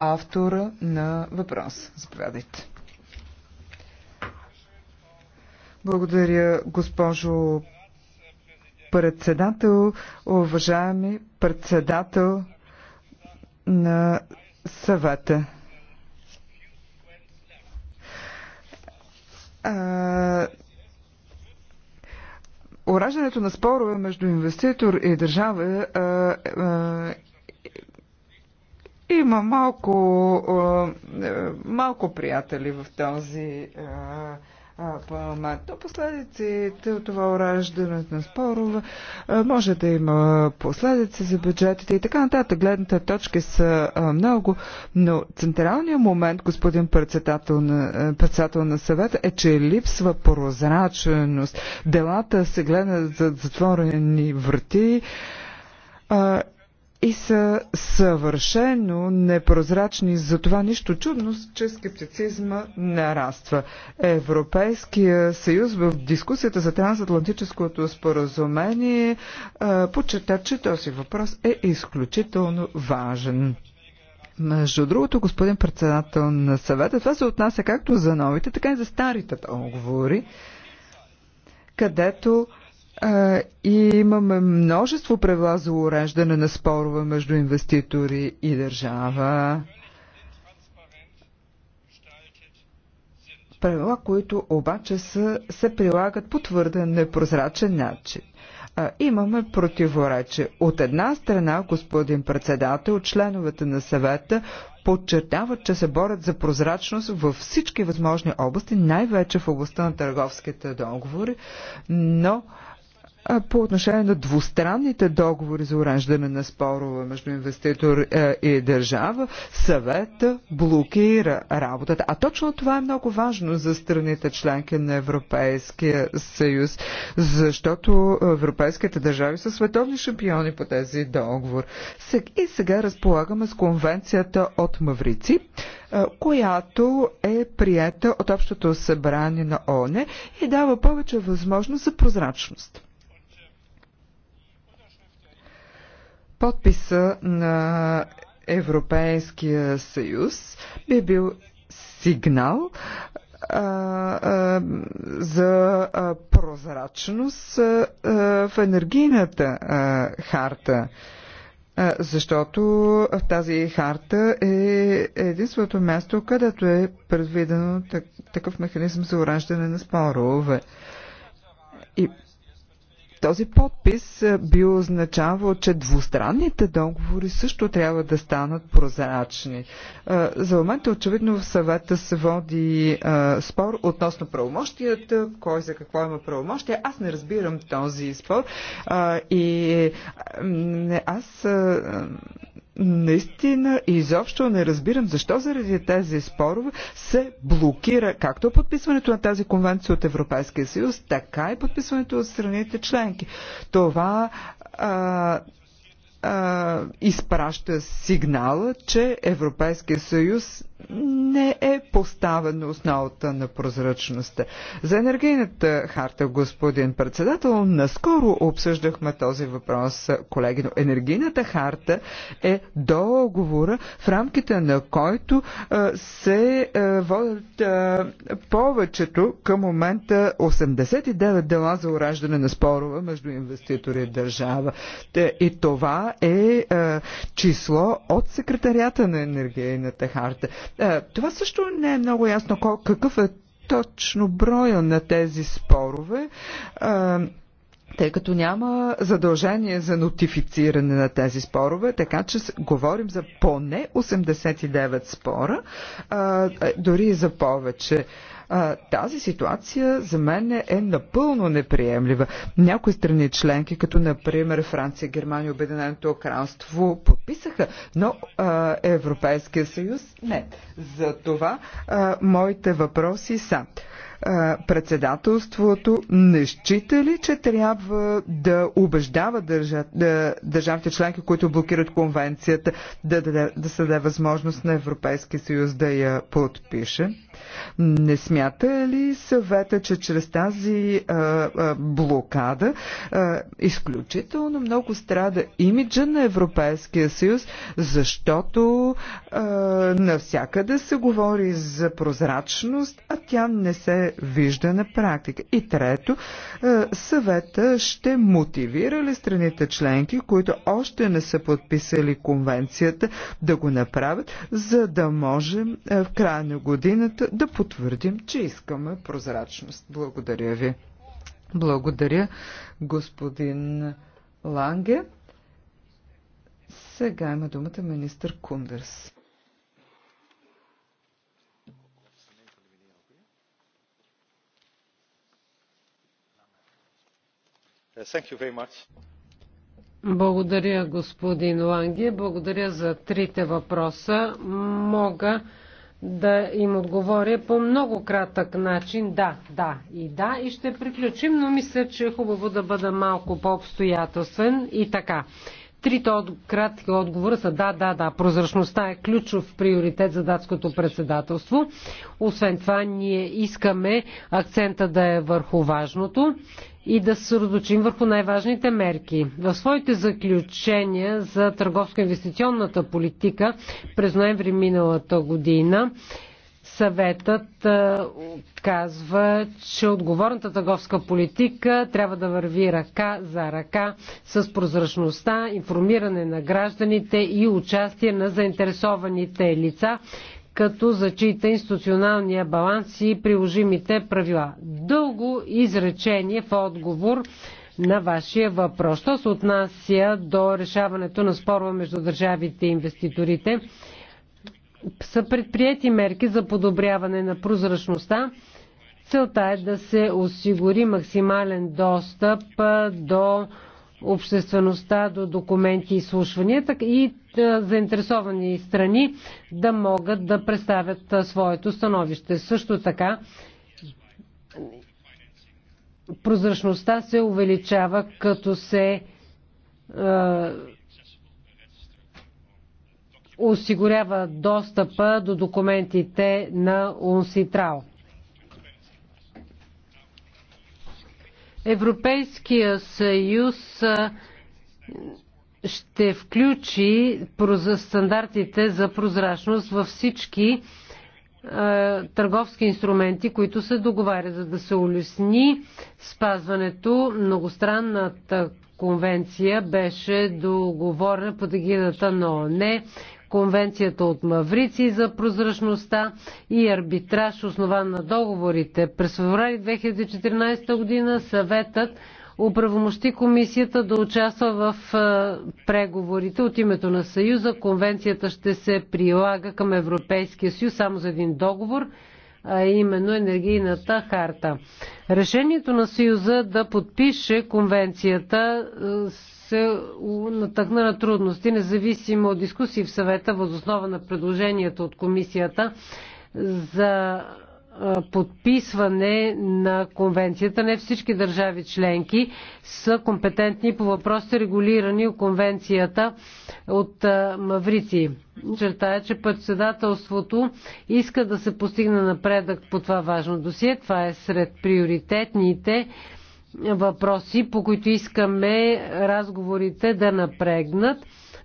автора на въпрос. Заповядайте. Благодаря, госпожо председател, уважаеми председател на съвета. Ораждането на спорове между инвеститор и държава е, е, има малко, е, малко приятели в този парламент. Но последиците от това ураждането на спорове може да има последици за бюджетите и така нататък. Гледните точки са много, но централният момент, господин председател на, е, председател на съвета, е, че липсва прозрачност. Делата се гледат за затворени врати и са съвършено непрозрачни. Затова нищо чудно, че скептицизма нараства. Европейския съюз в дискусията за трансатлантическото споразумение почета, че този въпрос е изключително важен. Между другото, господин председател на съвета, това се отнася както за новите, така и за старите договори, където и имаме множество правила за уреждане на спорове между инвеститори и държава. Правила, които обаче са, се прилагат по твърден непрозрачен начин имаме противоречие. От една страна, господин председател, членовете на съвета подчертават, че се борят за прозрачност във всички възможни области, най-вече в областта на търговските договори, но по отношение на двустранните договори за уреждане на спорове между инвеститор е, и държава, съвет блокира работата. А точно това е много важно за страните членки на Европейския съюз, защото европейските държави са световни шампиони по тези договор. И сега разполагаме с конвенцията от Маврици, е, която е приета от Общото събрание на ОНЕ и дава повече възможност за прозрачност. подписа на Европейския съюз би бил сигнал а, а, за а, прозрачност а, в енергийната а, харта. защото в тази харта е единственото място, където е предвидено такъв механизъм за ураждане на спорове. И този подпис би означавал, че двустранните договори също трябва да станат прозрачни. За момента очевидно в съвета се води спор относно правомощията, кой за какво има правомощия. Аз не разбирам този спор и аз наистина изобщо не разбирам защо заради тези спорове се блокира както подписването на тази конвенция от Европейския съюз, така и подписването от страните членки. Това а, а, изпраща сигнала, че Европейския съюз не е поставена основата на прозрачността. За енергийната харта, господин председател, наскоро обсъждахме този въпрос, колеги, но енергийната харта е договора, в рамките на който се водят повечето към момента 89 дела за ураждане на спорове между инвеститори и държава. И това е число от секретарията на енергийната харта. Е, това също не е много ясно какъв е точно броя на тези спорове е, тъй като няма задължение за нотифициране на тези спорове, така че говорим за поне 89 спора, е, дори и за повече. А, тази ситуация за мен е напълно неприемлива. Някои страни членки, като например Франция, Германия, Обединеното кралство, подписаха, но а, Европейския съюз не. За това а, моите въпроси са председателството не счита ли, че трябва да убеждава държа, да, държавите членки, които блокират конвенцията, да, да, да се даде възможност на Европейския съюз да я подпише? Не смята ли съвета, че чрез тази а, а, блокада а, изключително много страда имиджа на Европейския съюз, защото а, навсякъде се говори за прозрачност, а тя не се вижда на практика. И трето, е, съвета ще мотивира ли страните членки, които още не са подписали конвенцията, да го направят, за да можем е, в края на годината да потвърдим, че искаме прозрачност. Благодаря ви. Благодаря, господин Ланге. Сега има думата министър Кундърс. Благодаря, господин Ланге. Благодаря за трите въпроса. Мога да им отговоря по много кратък начин. Да, да и да. И ще приключим, но мисля, че е хубаво да бъда малко по-обстоятелствен и така. Трите от, кратки отговора са да, да, да. Прозрачността е ключов приоритет за датското председателство. Освен това, ние искаме акцента да е върху важното и да се съсредоточим върху най-важните мерки. В своите заключения за търговско-инвестиционната политика през ноември миналата година съветът казва, че отговорната търговска политика трябва да върви ръка за ръка с прозрачността, информиране на гражданите и участие на заинтересованите лица като зачита институционалния баланс и приложимите правила. Дълго изречение в отговор на вашия въпрос. Що се отнася до решаването на спорва между държавите и инвеститорите, са предприяти мерки за подобряване на прозрачността. Целта е да се осигури максимален достъп до обществеността, до документи и слушвания, и е, заинтересовани страни да могат да представят е, своето становище. Също така, прозрачността се увеличава, като се е, осигурява достъпа до документите на УНСИТРАО. Европейския съюз ще включи стандартите за прозрачност във всички е, търговски инструменти, които се договарят, за да се улесни спазването. Многостранната конвенция беше договорена под егидата на ОНЕ, конвенцията от Маврици за прозрачността и арбитраж, основан на договорите. През феврали 2014 година съветът оправомощи комисията да участва в преговорите от името на Съюза. Конвенцията ще се прилага към Европейския съюз само за един договор, а именно енергийната харта. Решението на Съюза да подпише конвенцията се натъкна на трудности, независимо от дискусии в съвета, възоснова на предложението от комисията за подписване на конвенцията. Не всички държави членки са компетентни по въпросите регулирани от конвенцията от Маврици. Чертая, че председателството иска да се постигне напредък по това важно досие. Това е сред приоритетните въпроси, по които искаме разговорите да напрегнат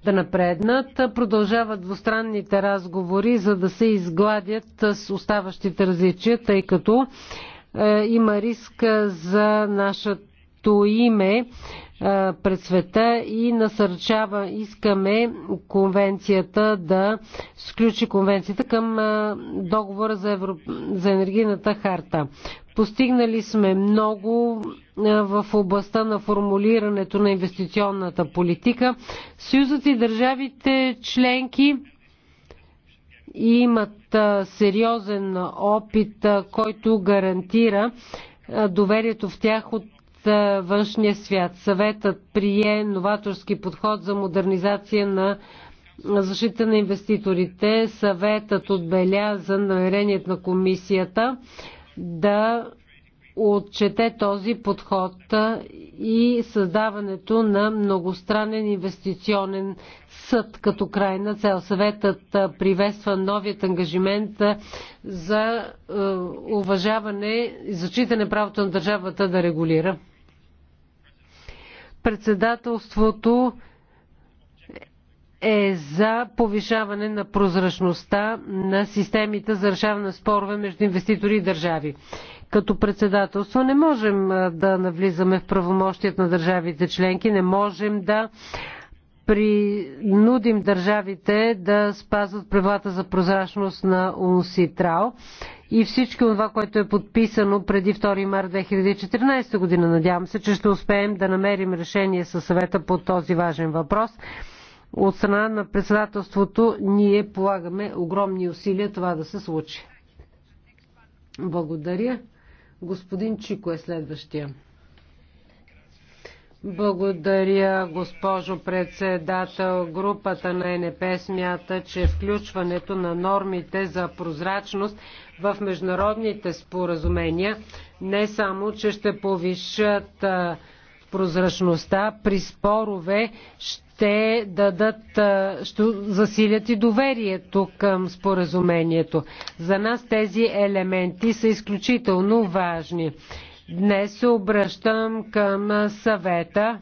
да напреднат. Продължават двустранните разговори, за да се изгладят с оставащите различия, тъй като е, има риск е, за нашето име пред света и насърчава, искаме конвенцията да сключи конвенцията към договора за, Евро... за енергийната харта. Постигнали сме много в областта на формулирането на инвестиционната политика. Съюзът и държавите членки имат сериозен опит, който гарантира доверието в тях от външния свят. Съветът прие новаторски подход за модернизация на защита на инвеститорите. Съветът отбеляза намерението на комисията да отчете този подход и създаването на многостранен инвестиционен съд като крайна цел. Съветът приветства новият ангажимент за е, уважаване и зачитане правото на държавата да регулира. Председателството е за повишаване на прозрачността на системите за решаване на спорове между инвеститори и държави. Като председателство не можем да навлизаме в правомощият на държавите членки, не можем да принудим държавите да спазват правилата за прозрачност на УНСИТРАО и всичко това, което е подписано преди 2 марта 2014 година. Надявам се, че ще успеем да намерим решение със съвета по този важен въпрос. От страна на председателството ние полагаме огромни усилия това да се случи. Благодаря. Господин Чико е следващия. Благодаря, госпожо председател. Групата на НП смята, че включването на нормите за прозрачност в международните споразумения не само, че ще повишат прозрачността при спорове, ще дадат, ще засилят и доверието към споразумението. За нас тези елементи са изключително важни. Днес се обръщам към съвета.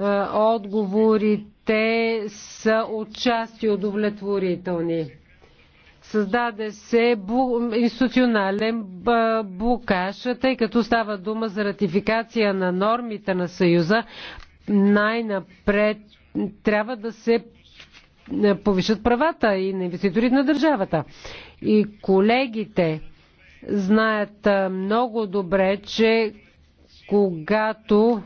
Е, отговорите са отчасти удовлетворителни. Създаде се блу... институционален е, блокаж, тъй като става дума за ратификация на нормите на Съюза. Най-напред трябва да се е, повишат правата и на инвеститорите на държавата. И колегите, знаят много добре, че когато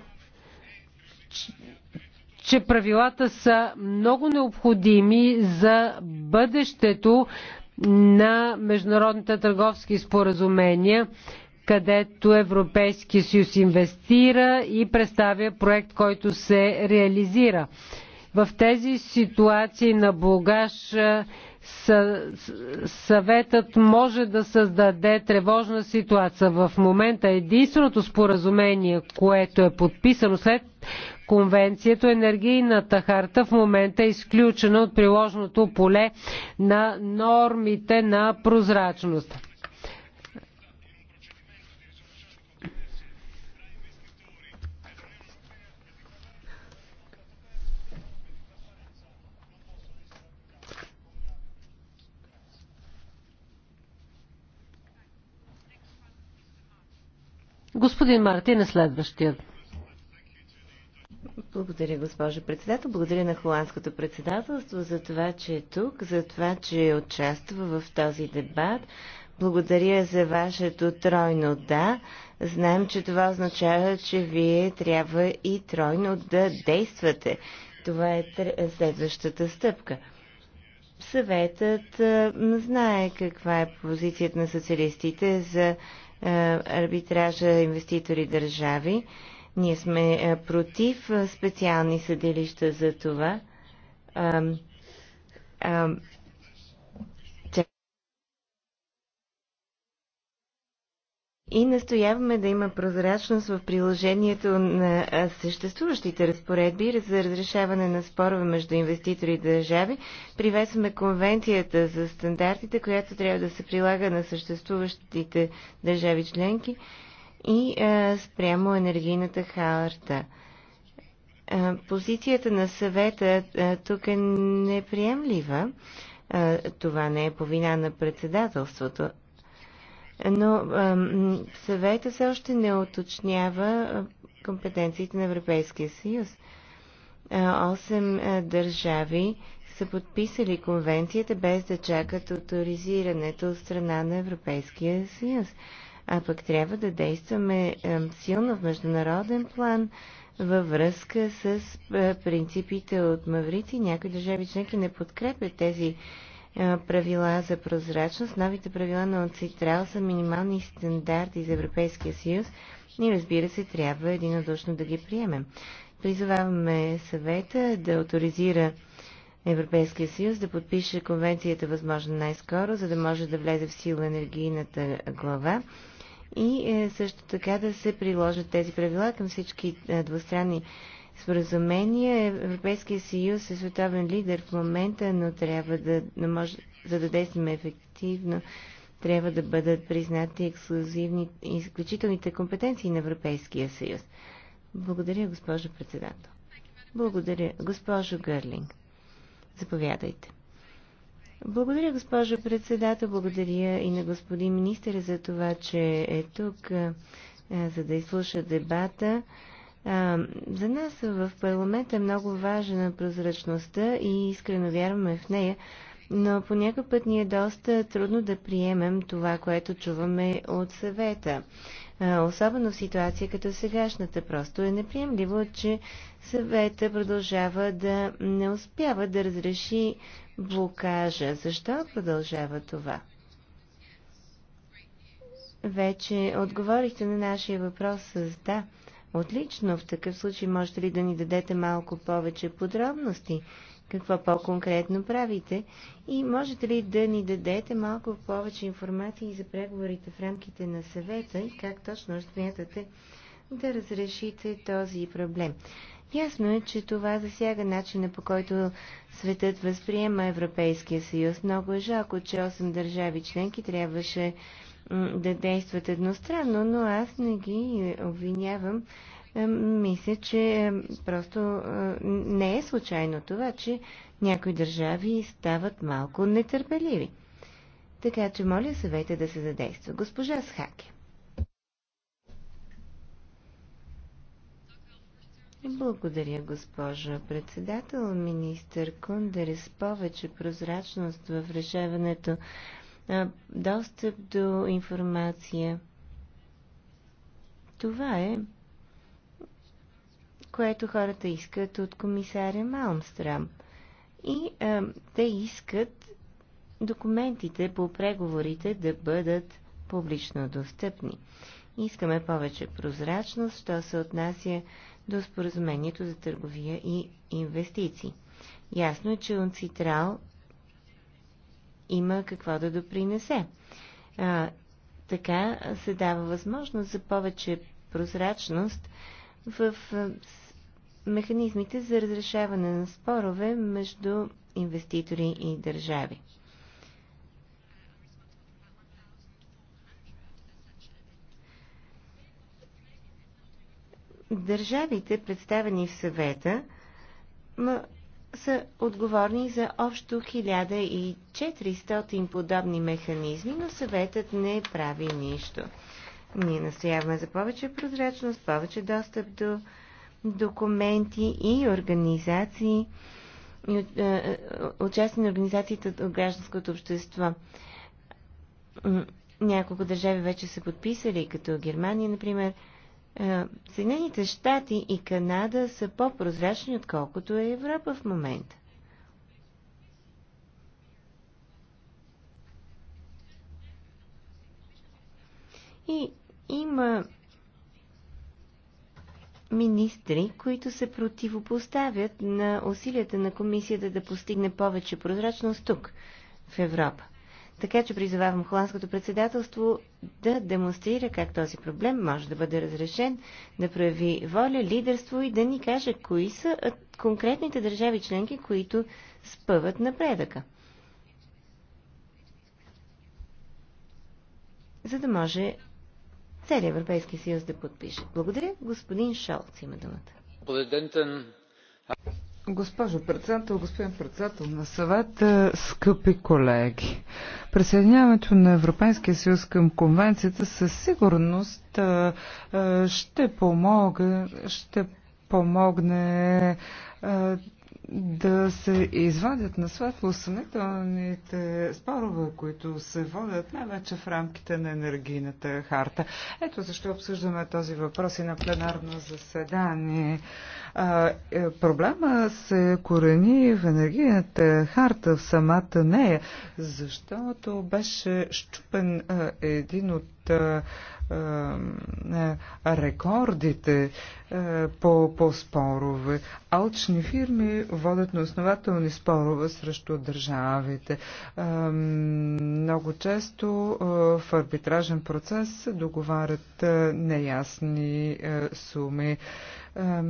че правилата са много необходими за бъдещето на международните търговски споразумения, където Европейския съюз инвестира и представя проект, който се реализира. В тези ситуации на блогаж съветът може да създаде тревожна ситуация. В момента единственото споразумение, което е подписано след конвенцията, е енергийната харта в момента е изключена от приложното поле на нормите на прозрачност. Господин Мартин е следващия. Благодаря, госпожо председател. Благодаря на холандското председателство за това, че е тук, за това, че участва в този дебат. Благодаря за вашето тройно да. Знаем, че това означава, че вие трябва и тройно да действате. Това е следващата стъпка. Съветът знае каква е позицията на социалистите за е, арбитража инвеститори държави. Ние сме е, против е, специални съдилища за това. и настояваме да има прозрачност в приложението на съществуващите разпоредби за разрешаване на спорове между инвеститори и държави. Приветстваме конвенцията за стандартите, която трябва да се прилага на съществуващите държави членки и а, спрямо енергийната харта. позицията на съвета а, тук е неприемлива. А, това не е повина на председателството но съвета все още не оточнява компетенциите на Европейския съюз. Осем държави са подписали конвенцията без да чакат авторизирането от страна на Европейския съюз. А пък трябва да действаме силно в международен план във връзка с принципите от Маврици. Някои държави членки не подкрепят тези е, правила за прозрачност. Новите правила на ОЦИТРАЛ са минимални стандарти за Европейския съюз и разбира се, трябва единодушно да ги приемем. Призоваваме съвета да авторизира Европейския съюз да подпише конвенцията възможно най-скоро, за да може да влезе в сила енергийната глава и е, също така да се приложат тези правила към всички е, двустранни споразумения. Европейския съюз е световен лидер в момента, но трябва да, но може, за да действаме ефективно, трябва да бъдат признати ексклюзивни, изключителните компетенции на Европейския съюз. Благодаря, госпожо председател. Благодаря, госпожо Гърлинг. Заповядайте. Благодаря, госпожо председател. Благодаря и на господин министър за това, че е тук, за да изслуша дебата. За нас в парламента е много важна прозрачността и искрено вярваме в нея, но по път ни е доста трудно да приемем това, което чуваме от съвета. Особено в ситуация като сегашната. Просто е неприемливо, че съвета продължава да не успява да разреши блокажа. Защо продължава това? Вече отговорихте на нашия въпрос с да. Отлично, в такъв случай можете ли да ни дадете малко повече подробности? Какво по-конкретно правите? И можете ли да ни дадете малко повече информация за преговорите в рамките на съвета и как точно смятате да разрешите този проблем? Ясно е, че това засяга начина по който светът възприема Европейския съюз. Много е жалко, че 8 държави членки трябваше да действат едностранно, но аз не ги е, обвинявам. Е, мисля, че е, просто не е случайно това, че някои държави стават малко нетърпеливи. Така че моля съвета да се задейства. Госпожа Схаке. Благодаря, госпожо председател. Министър Кундерес повече прозрачност в решаването достъп до информация. Това е, което хората искат от комисаря Малмстрам. И а, те искат документите по преговорите да бъдат публично достъпни. Искаме повече прозрачност, що се отнася до споразумението за търговия и инвестиции. Ясно е, че Унцитрал има какво да допринесе. А, така се дава възможност за повече прозрачност в механизмите за разрешаване на спорове между инвеститори и държави. Държавите, представени в съвета, са отговорни за общо 1400 подобни механизми, но съветът не прави нищо. Ние настояваме за повече прозрачност, повече достъп до документи и организации, е, е, участие на организациите от гражданското общество. Няколко държави вече са подписали, като Германия, например, е, Съединените щати и Канада са по-прозрачни, отколкото е Европа в момента. И има министри, които се противопоставят на усилията на комисията да постигне повече прозрачност тук, в Европа. Така че призовавам холандското председателство да демонстрира как този проблем може да бъде разрешен, да прояви воля, лидерство и да ни каже кои са конкретните държави членки, които спъват напредъка. За да може целият Европейски съюз да подпише. Благодаря. Господин Шолц има думата. Госпожо председател, господин председател на съвет, скъпи колеги, присъединяването на Европейския съюз към конвенцията със сигурност ще помогне, ще помогне да се извадят на светло съмнителните спорове, които се водят най-вече в рамките на енергийната харта. Ето защо обсъждаме този въпрос и на пленарно заседание. А, е, проблема се корени в енергийната харта, в самата нея, защото беше щупен а, един от а, а, рекордите а, по, по спорове. Алчни фирми водят на основателни спорове срещу държавите. А, много често а, в арбитражен процес договарят а, неясни а, суми. А,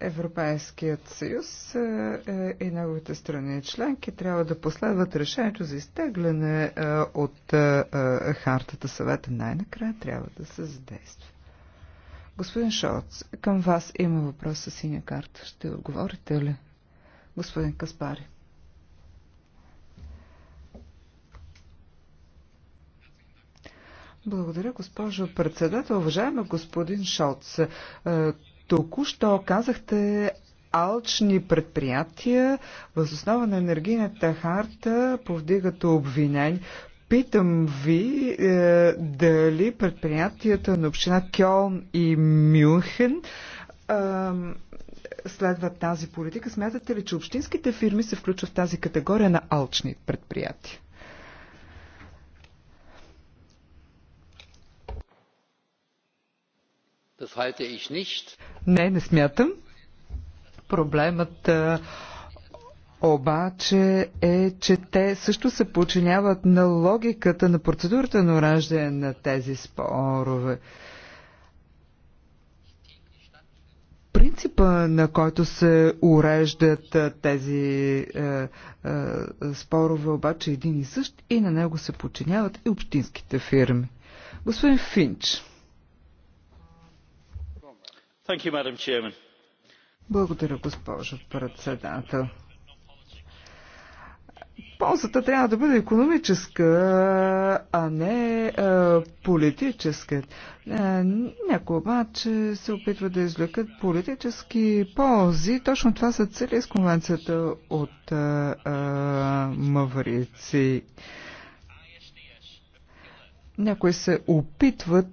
Европейският съюз е, е, и неговите страни членки трябва да последват решението за изтегляне е, от хартата съвета. Най-накрая трябва да се задейства. Господин Шоц, към вас има въпрос с синя карта. Ще отговорите ли? Господин Каспари. Благодаря, госпожо председател. Уважаема господин Шоц. Току-що казахте алчни предприятия възоснова на енергийната харта повдигат обвинение. Питам ви е, дали предприятията на община Кьолн и Мюнхен е, следват тази политика. Смятате ли, че общинските фирми се включват в тази категория на алчни предприятия? Не, не смятам. Проблемът обаче е, че те също се подчиняват на логиката на процедурата на ураждане на тези спорове. принципа, на който се уреждат тези е, е, спорове, обаче един и същ и на него се подчиняват и общинските фирми. Господин Финч. Благодаря, госпожо председател. Ползата трябва да бъде економическа, а не а, политическа. Някои обаче се опитват да извлекат политически ползи. Точно това са цели с конвенцията от а, а, Маврици. Някои се опитват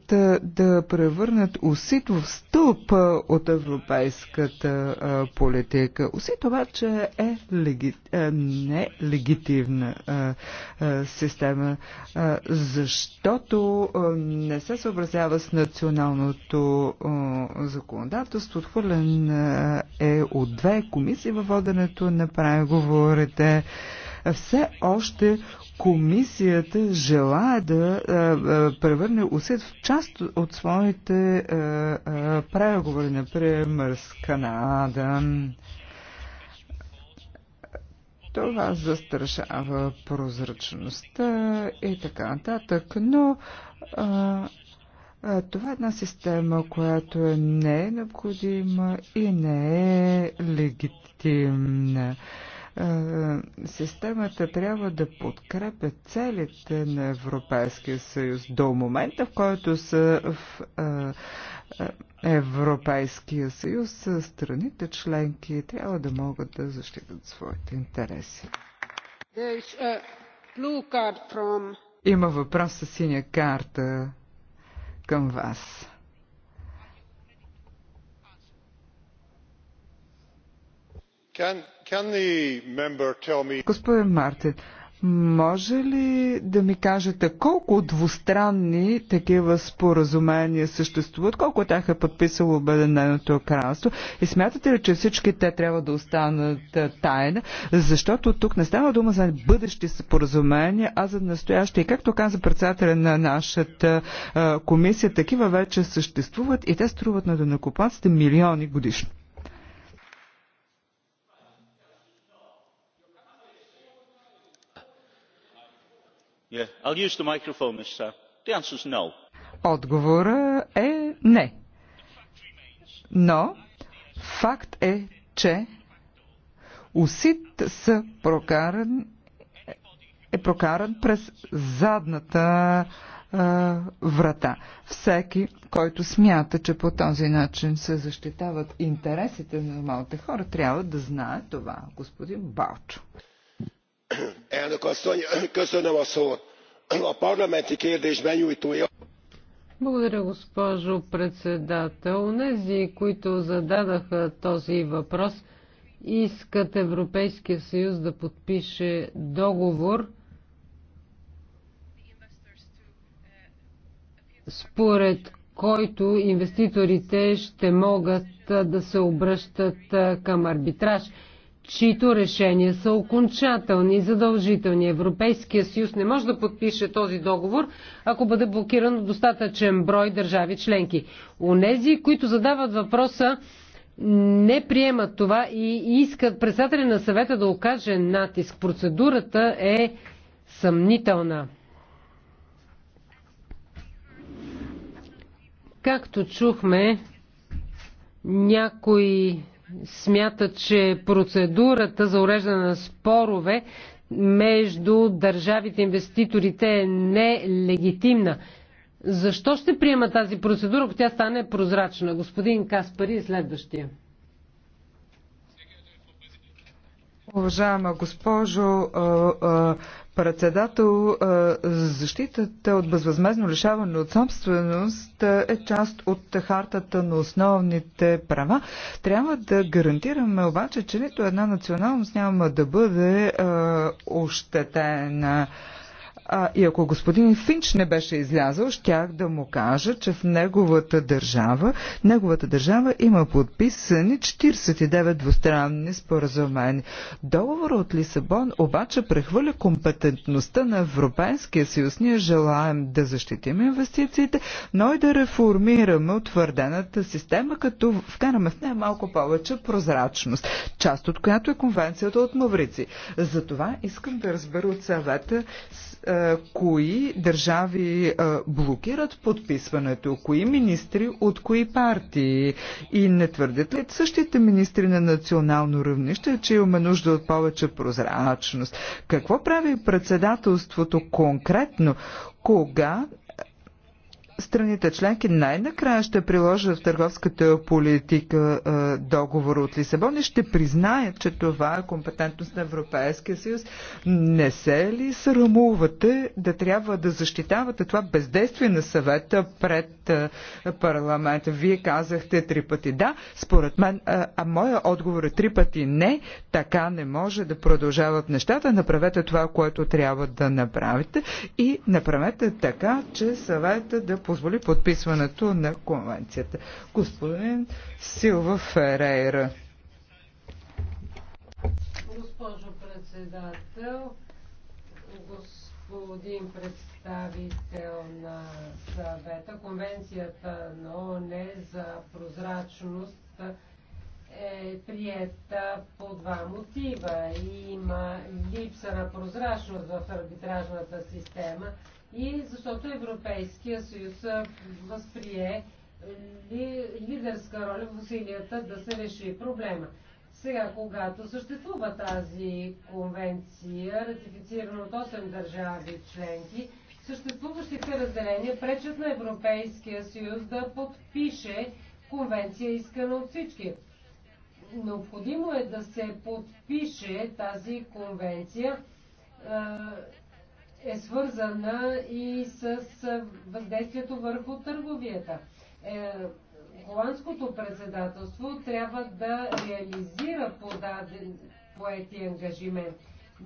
да превърнат УСИТ в стълб от европейската политика. УСИТ обаче е леги... Е не легитимна система, защото не се съобразява с националното законодателство. Отхвърлен е от две комисии във воденето на преговорите все още комисията желая да е, е, превърне усет в част от своите е, преговори, например с Канада. Това застрашава прозрачността и така нататък, но а, това е една система, която не е необходима и не е легитимна системата трябва да подкрепя целите на Европейския съюз до момента, в който са в Европейския съюз, страните членки трябва да могат да защитат своите интереси. Има въпрос с синя карта към вас. Господин Мартин, може ли да ми кажете колко двустранни такива споразумения съществуват, колко тях е подписало Обединеното кралство и смятате ли, че всички те трябва да останат е, тайна, защото тук не става дума за бъдещи споразумения, а за настоящи. И както каза председателя на нашата е, комисия, такива вече съществуват и те струват на донакопаците милиони годишно. Yeah. Uh, Отговора е не. Но факт е, че усит са прокаран, е прокаран през задната а, врата. Всеки, който смята, че по този начин се защитават интересите на малите хора, трябва да знае това, господин Балчо elnök asszony a parlamenti kérdés benyújtója. Благодаря, госпожо председател. онези, които зададаха този въпрос, искат Европейския съюз да подпише договор, според който инвеститорите ще могат да се обръщат към арбитраж чието решения са окончателни и задължителни. Европейския съюз не може да подпише този договор, ако бъде блокиран достатъчен брой държави членки. Онези, които задават въпроса, не приемат това и искат председателя на съвета да окаже натиск. Процедурата е съмнителна. Както чухме, някои смята, че процедурата за уреждане на спорове между държавите инвеститорите е нелегитимна. Защо ще приема тази процедура, ако тя стане прозрачна? Господин Каспари е следващия. Уважаема госпожо председател, защитата от безвъзмезно лишаване от собственост е част от хартата на основните права. Трябва да гарантираме обаче, че нито една националност няма да бъде ощетена. А, и ако господин Финч не беше излязъл, щях да му кажа, че в неговата държава, неговата държава има подписани 49 двустранни споразумени. Договор от Лисабон обаче прехвърля компетентността на Европейския съюз. Ние желаем да защитим инвестициите, но и да реформираме утвърдената система, като вкараме в нея малко повече прозрачност, част от която е конвенцията от Маврици. Затова искам да разбера от съвета е, кои държави е, блокират подписването, кои министри от кои партии и не твърдят ли същите министри на национално равнище, че имаме нужда от повече прозрачност? Какво прави председателството конкретно? Кога страните членки най-накрая ще приложат в търговската политика договор от Лисабон и ще признаят, че това е компетентност на Европейския съюз. Не се ли срамувате да трябва да защитавате това бездействие на съвета пред парламента? Вие казахте три пъти да, според мен, а моя отговор е три пъти не. Така не може да продължават нещата. Направете това, което трябва да направите и направете така, че съвета да позволи подписването на конвенцията. Господин Силва Ферейра. Госпожо председател, господин представител на съвета, конвенцията на ОНЕ за прозрачност е приета по два мотива. Има липса на прозрачност в арбитражната система и защото Европейския съюз възприе ли, лидерска роля в усилията да се реши проблема. Сега, когато съществува тази конвенция, ратифицирана от 8 държави членки, съществуващите разделения пречат на Европейския съюз да подпише конвенция, искана от всички. Необходимо е да се подпише тази конвенция е, е свързана и с е, въздействието върху търговията. Е, холандското председателство трябва да реализира подаден поети ангажимент.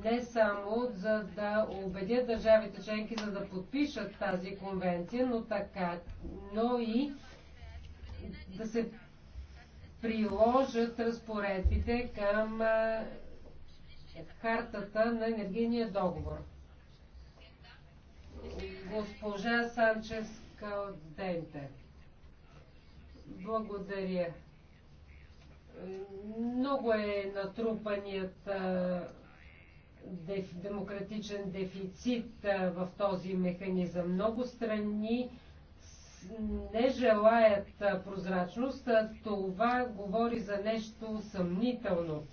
Не само за да убедят държавите членки за да подпишат тази конвенция, но така, но и да се приложат разпоредбите към хартата на енергийния договор. Госпожа Санчес Калденте. Благодаря. Много е натрупаният демократичен дефицит в този механизъм. Много страни не желаят прозрачност, това говори за нещо съмнително.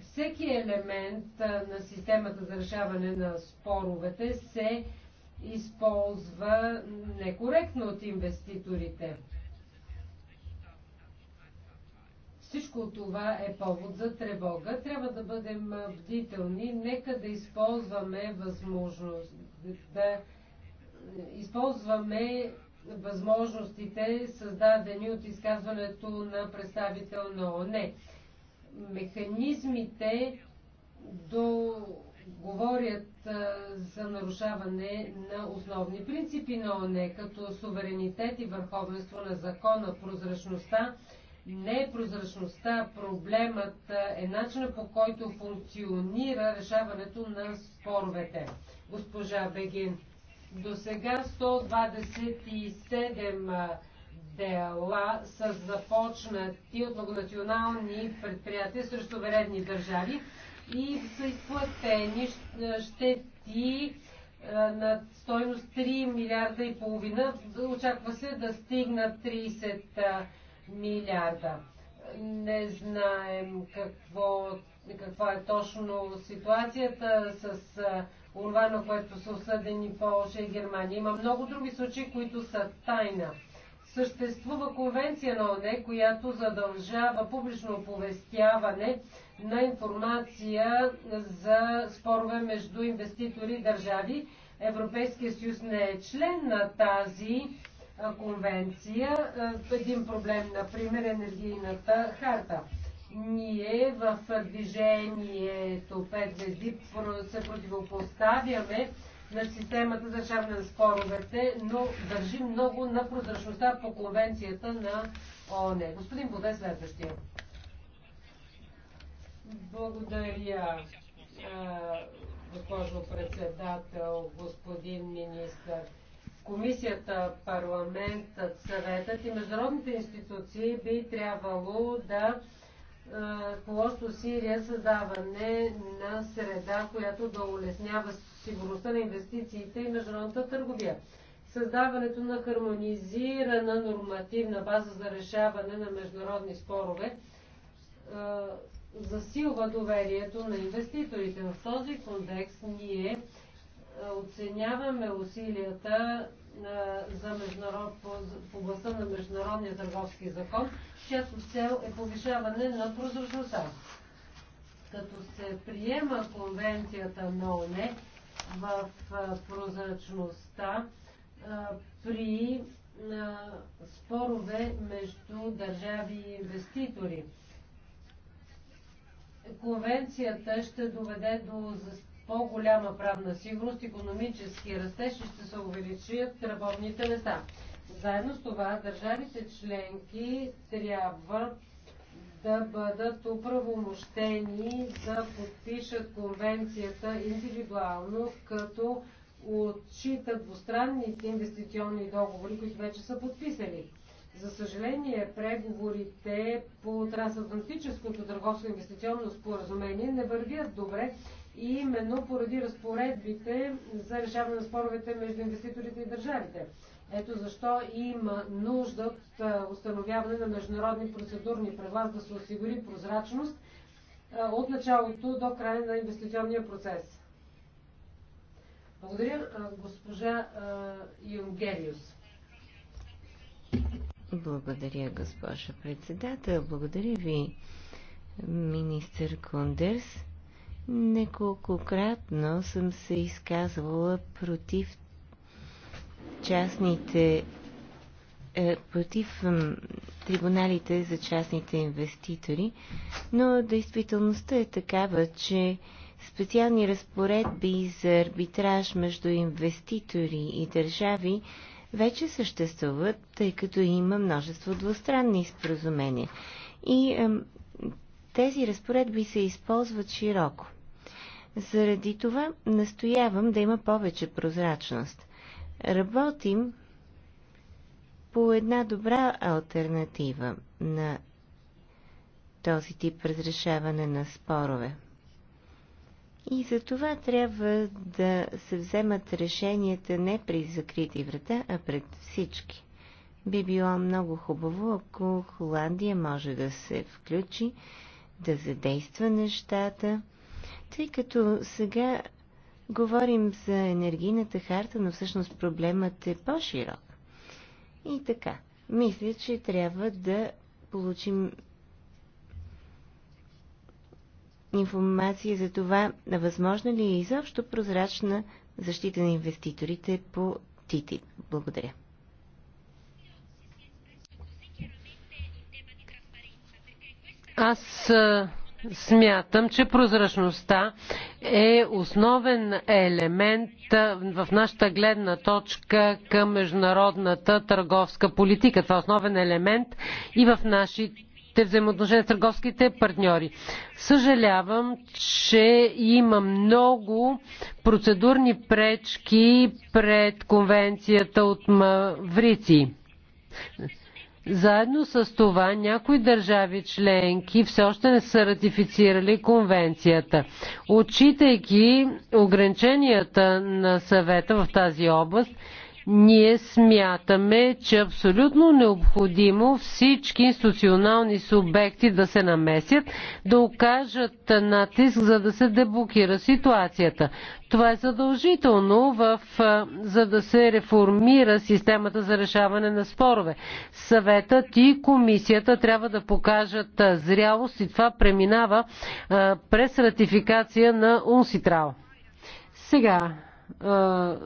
Всеки елемент на системата за решаване на споровете се използва некоректно от инвеститорите. Всичко това е повод за тревога. Трябва да бъдем бдителни. Нека да използваме възможност да използваме възможностите, създадени от изказването на представител на ОНЕ. Механизмите до говорят а, за нарушаване на основни принципи на ОНЕ, като суверенитет и върховенство на закона, прозрачността. Не е прозрачността, проблемът е начина по който функционира решаването на споровете. Госпожа Бегин. До сега 127 дела са започнати от многонационални предприятия срещу вредни държави и са изплатени щети на стойност 3 милиарда и половина. Очаква се да стигнат 30 милиарда. Не знаем какво, каква е точно ситуацията с онова, на което са осъдени Полша и Германия. Има много други случаи, които са тайна. Съществува конвенция на ОНЕ, която задължава публично оповестяване на информация за спорове между инвеститори и държави. Европейския съюз не е член на тази конвенция. Един проблем, например, енергийната харта. Ние в движението 5 звезди се противопоставяме на системата за решаване на споровете, но държи много на прозрачността по конвенцията на ООН. Господин Боде, следващия. Благодаря, госпожо председател, господин министр. Комисията, парламентът, съветът и международните институции би трябвало да е, полуостров Сирия създаване на среда, която да улеснява сигурността на инвестициите и международната търговия. Създаването на хармонизирана нормативна база за решаване на международни спорове е, засилва доверието на инвеститорите. В този контекст ние оценяваме усилията за международ, по областта на Международния търговски закон, чиято цел е повишаване на прозрачността. Като се приема конвенцията на ОНЕ в прозрачността при спорове между държави и инвеститори. Конвенцията ще доведе до по-голяма правна сигурност, економически растеж и ще се увеличат работните места. Заедно с това държавите членки трябва да бъдат управомощени да подпишат конвенцията индивидуално, като отчитат двустранните инвестиционни договори, които вече са подписани. За съжаление, преговорите по трансатлантическото търговско инвестиционно споразумение не вървят добре и именно поради разпоредбите за решаване на споровете между инвеститорите и държавите. Ето защо има нужда от установяване на международни процедурни правила, за да се осигури прозрачност от началото до края на инвестиционния процес. Благодаря, госпожа Юнгериус. Благодаря, госпожа председател. Благодаря ви, министър Кондерс. Неколкократно съм се изказвала против частните е, против трибуналите за частните инвеститори, но действителността е такава, че специални разпоредби за арбитраж между инвеститори и държави вече съществуват, тъй като има множество двустранни споразумения. И тези разпоредби се използват широко. Заради това настоявам да има повече прозрачност. Работим по една добра альтернатива на този тип разрешаване на спорове. И за това трябва да се вземат решенията не при закрити врата, а пред всички. Би било много хубаво, ако Холандия може да се включи да задейства нещата, тъй като сега говорим за енергийната харта, но всъщност проблемът е по-широк. И така, мисля, че трябва да получим информация за това, възможно ли е изобщо прозрачна защита на инвеститорите по ТИТИП. Благодаря. Аз смятам, че прозрачността е основен елемент в нашата гледна точка към международната търговска политика. Това е основен елемент и в нашите те взаимоотношения с търговските партньори. Съжалявам, че има много процедурни пречки пред конвенцията от Маврици. Заедно с това някои държави членки все още не са ратифицирали конвенцията. Отчитайки ограниченията на съвета в тази област, ние смятаме, че е абсолютно необходимо всички институционални субекти да се намесят, да окажат натиск, за да се деблокира ситуацията. Това е задължително, в, за да се реформира системата за решаване на спорове. Съветът и комисията трябва да покажат зрялост и това преминава през ратификация на УНСИТРАЛ. Сега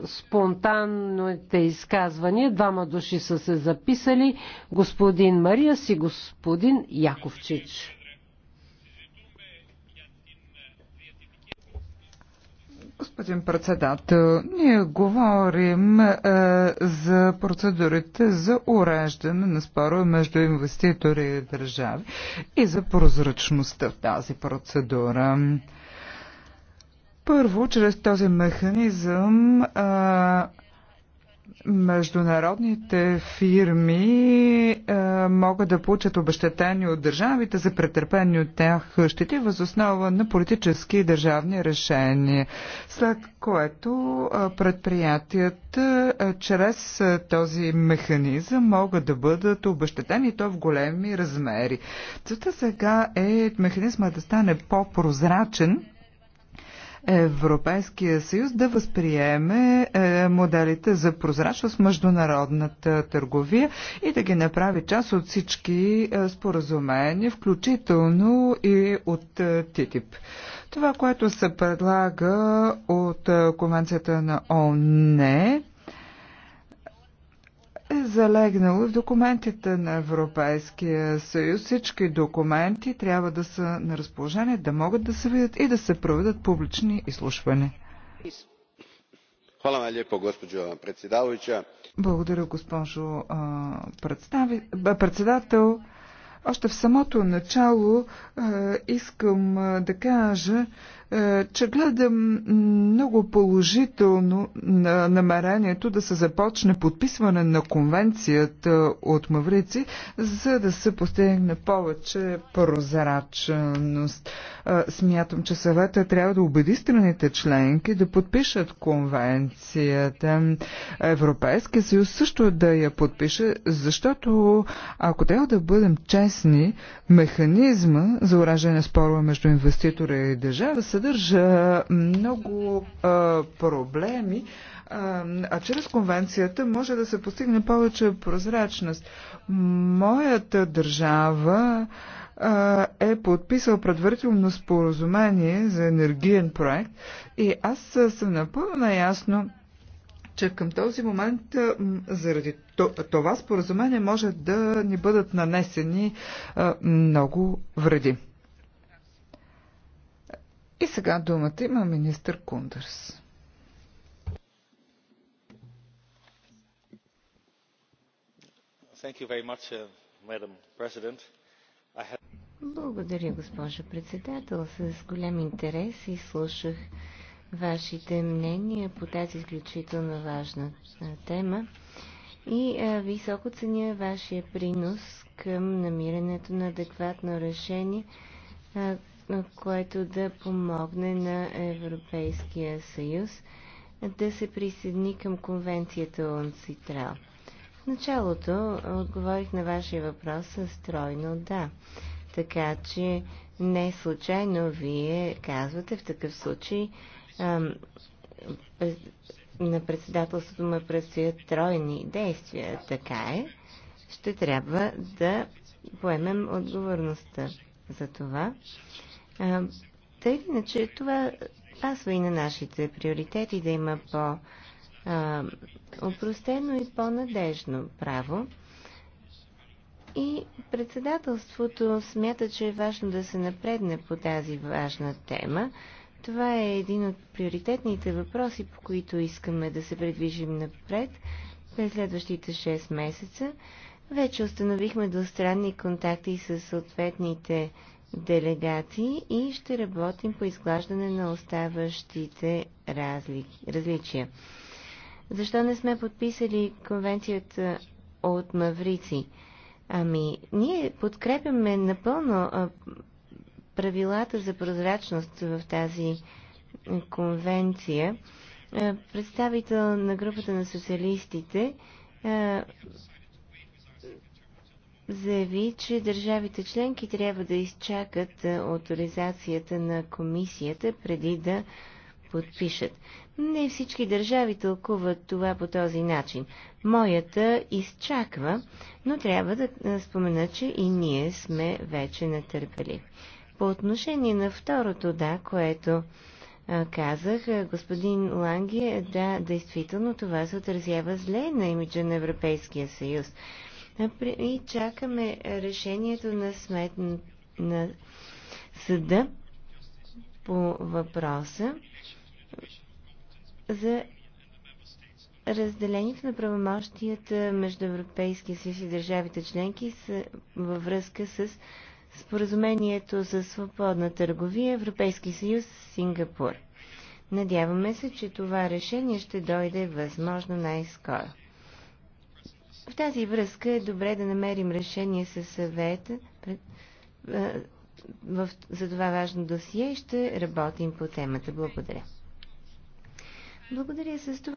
спонтанните изказвания. Двама души са се записали. Господин Мария си господин Яковчич. Господин председател, ние говорим е, за процедурите за уреждане на спорове между инвеститори и държави и за прозрачността в тази процедура. Първо, чрез този механизъм а, международните фирми а, могат да получат обещатени от държавите за претърпени от тях щети възоснова на политически и държавни решения, след което а, предприятията а, чрез а, този механизъм могат да бъдат обещатени то в големи размери. Цвета сега е механизма да стане по-прозрачен Европейския съюз да възприеме е, моделите за прозрачност в международната търговия и да ги направи част от всички е, споразумения, включително и от е, ТИТИП. Това, което се предлага от Конвенцията на ООН, е залегнало в документите на Европейския съюз. Всички документи трябва да са на разположение, да могат да се видят и да се проведат публични изслушвания. Благодаря, госпожо председател. Още в самото начало искам да кажа, е, че гледам много положително на намерението да се започне подписване на конвенцията от Маврици, за да се постигне повече прозрачност. Е, смятам, че съвета трябва да убеди страните членки да подпишат конвенцията. Европейския съюз също да я подпише, защото ако трябва да бъдем честни, механизма за уражение на спорове между инвеститора и държава се съдържа много а, проблеми, а, а чрез конвенцията може да се постигне повече прозрачност. Моята държава а, е подписал предварително споразумение за енергиен проект и аз съм напълно наясно, че към този момент заради това споразумение може да ни бъдат нанесени много вреди. И сега думата има министър Кундърс. Uh, Благодаря, госпожо председател. С голям интерес и слушах вашите мнения по тази изключително важна тема и високо ценя вашия принос към намирането на адекватно решение, което да помогне на Европейския съюз да се присъедини към конвенцията ОНЦИТРАЛ. В началото отговорих на вашия въпрос с тройно да. Така че не случайно вие казвате в такъв случай ам, на председателството му предстоят тройни действия. Така е. Ще трябва да поемем отговорността за това. Тъй иначе, това пасва и на нашите приоритети да има по- опростено и по-надежно право. И председателството смята, че е важно да се напредне по тази важна тема. Това е един от приоритетните въпроси, по които искаме да се предвижим напред през следващите 6 месеца. Вече установихме двустранни контакти с съответните делегации и ще работим по изглаждане на оставащите разлики, различия. Защо не сме подписали конвенцията от Маврици? Ами, ние подкрепяме напълно а, правилата за прозрачност в тази конвенция. А, представител на групата на социалистите а, заяви, че държавите членки трябва да изчакат авторизацията на комисията преди да подпишат. Не всички държави тълкуват това по този начин. Моята изчаква, но трябва да спомена, че и ние сме вече натърпели. По отношение на второто да, което казах, господин Ланги, да, действително това се отразява зле на имиджа на Европейския съюз и чакаме решението на, смет... на съда по въпроса за разделението на правомощията между Европейския съюз и държавите членки във връзка с Споразумението за свободна търговия Европейски съюз Сингапур. Надяваме се, че това решение ще дойде възможно най-скоро. В тази връзка е добре да намерим решение със съвета за това важно досие и ще работим по темата. Благодаря. Благодаря с това.